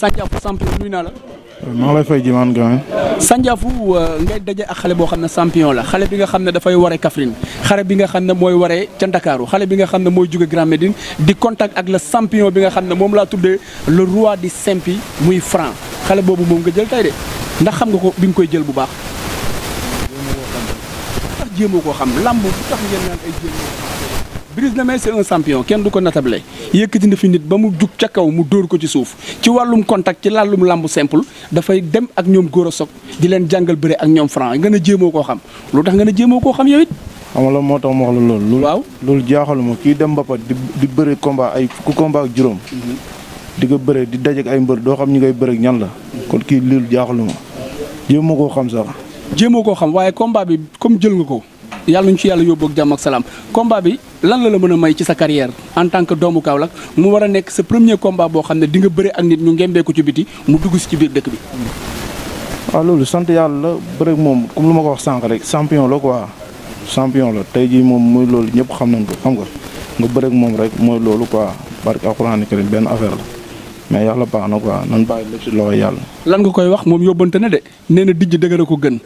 Sandiafou champion nuyu naa la. Euh, maa ngi lay fay Jimane Gamin. Sandiafou euh, ngay daje ak xale boo xam ne champion la xale bi nga xam ne dafay ware Kaffrine xale bi nga xam ne mooy ware ca Ndakaaru xale bi nga xam ne mooy jóge Grand Médine di contact ak le champion bi nga xam ne moom laa tuddee le roi di simpi muy franc xale boobu moom nga jël tey de ndax xam nga ko bi nga koy jël bu baax. Ah, jéemoo koo xam ndax jéemoo Brise na Mer c'est un champion kenn du ko natable yëkkati na fi nit ba mu jug ca kaw mu dóor ko ci suuf ci wàllum contact ci làllum làmb simple dafay dem ak ñoom góor a soog di leen jàngal bëre ak ñoom franc nga ne jéemoo koo xam lu tax nga ne jéemoo koo xam yow it. xam moo tax ma wax la loolu. waaw loolu jaaxaluma kii dem Mbapat di di bëre combat ay ku combat ak juróom. Mhm. di ko bëre di daje ay mbër doo xam ñu ngay bëre ñan la. kon kii loolu jaaxaluma jéemoo koo xam sax. koo xam waaye combat bi comme jël nga ko. yalla ñu ci yalla yobok jam ak salam combat bi lan la la mëna may ci sa carrière en tant que doomu Kaolack mu wara nek ce premier combat bo xamne di nga bëré ak nit ñu ngembee ko ci biti mu dugg si ci biir dëkk bi. wa lolu sante yalla bëré bëre moom comme luma ko wax sank rek champion la quoi champion la tay ji mom muy lolu ñëpp xam nañ ko xam nga nga bëre mom rek moy lolu quoi barka alquran karim ben affaire la. mais yalla baax na quoi nan baay lépp ci loxo yàlla. lan nga koy wax mom yobante na de nee dijj dëgër ko gën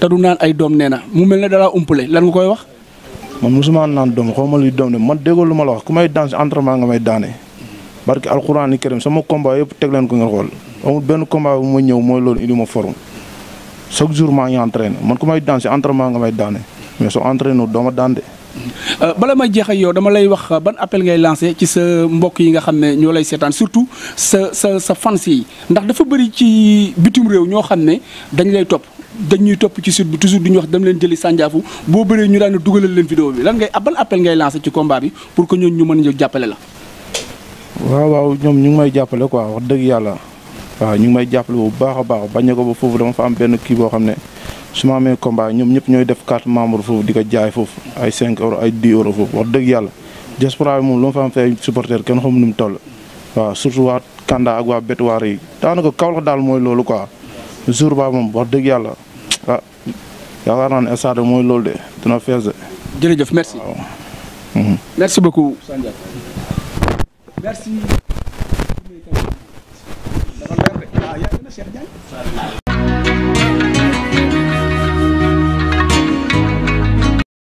te du naan ay doom nee na mu mel ne dalaa umpale lan nga koy wax. man mosuma naan doom xaw ma luy doom de man déggoo lu ma la wax ku may daan si entraînement nga may daane. barke alxuraan ni këram sama combat teg leen ko nga xool amul benn combat bu ma ñëw mooy loolu indi ma forme chaque jour maa ngi entraîné man ku may daan si entraînement nga may daane mais soo entraîné noo doo ma daan de. Euh, bala may jeex ak yow dama lay wax euh, ban appel ngay lancé ci sa mbokk yi nga xam ne ñoo lay seetaan surtout sa sa sa fans yi ndax dafa bëri ci bitim réew ñoo xam ne dañ lay topp. dañ ñuy topp ci sud bi toujours du ñu wax dem leen jëli sànjaafu boo bëree ñu daan ne dugalal leen vidéo bi lan ngay abal appel ngay lancé ci combat bi pour que ñoon ñu mën a jàppale la. waaw waaw ñoom ñu ngi may jàppale quoi wax dëgg yàlla waaw ñu ngi may jàppale bu baax a baax bañ ko ba foofu dama fa am benn kii boo xam ne su ma amee combat ñoom ñëpp ñooy def carte membre foofu di ko jaay foofu ay 5 euros ay 10 euros foofu wax dëgg yàlla diaspora bi moom lu ma fa am fee supporter nu mu toll waaw surtout waa Kanda waa Betuwaar yi daanaka Kaolack daal mooy loolu quoi jour ba moom wax dëgg yàlla ah ne stade mooy loolu de dina fees de. jërëjëf merci. Mhm. merci beaucoup.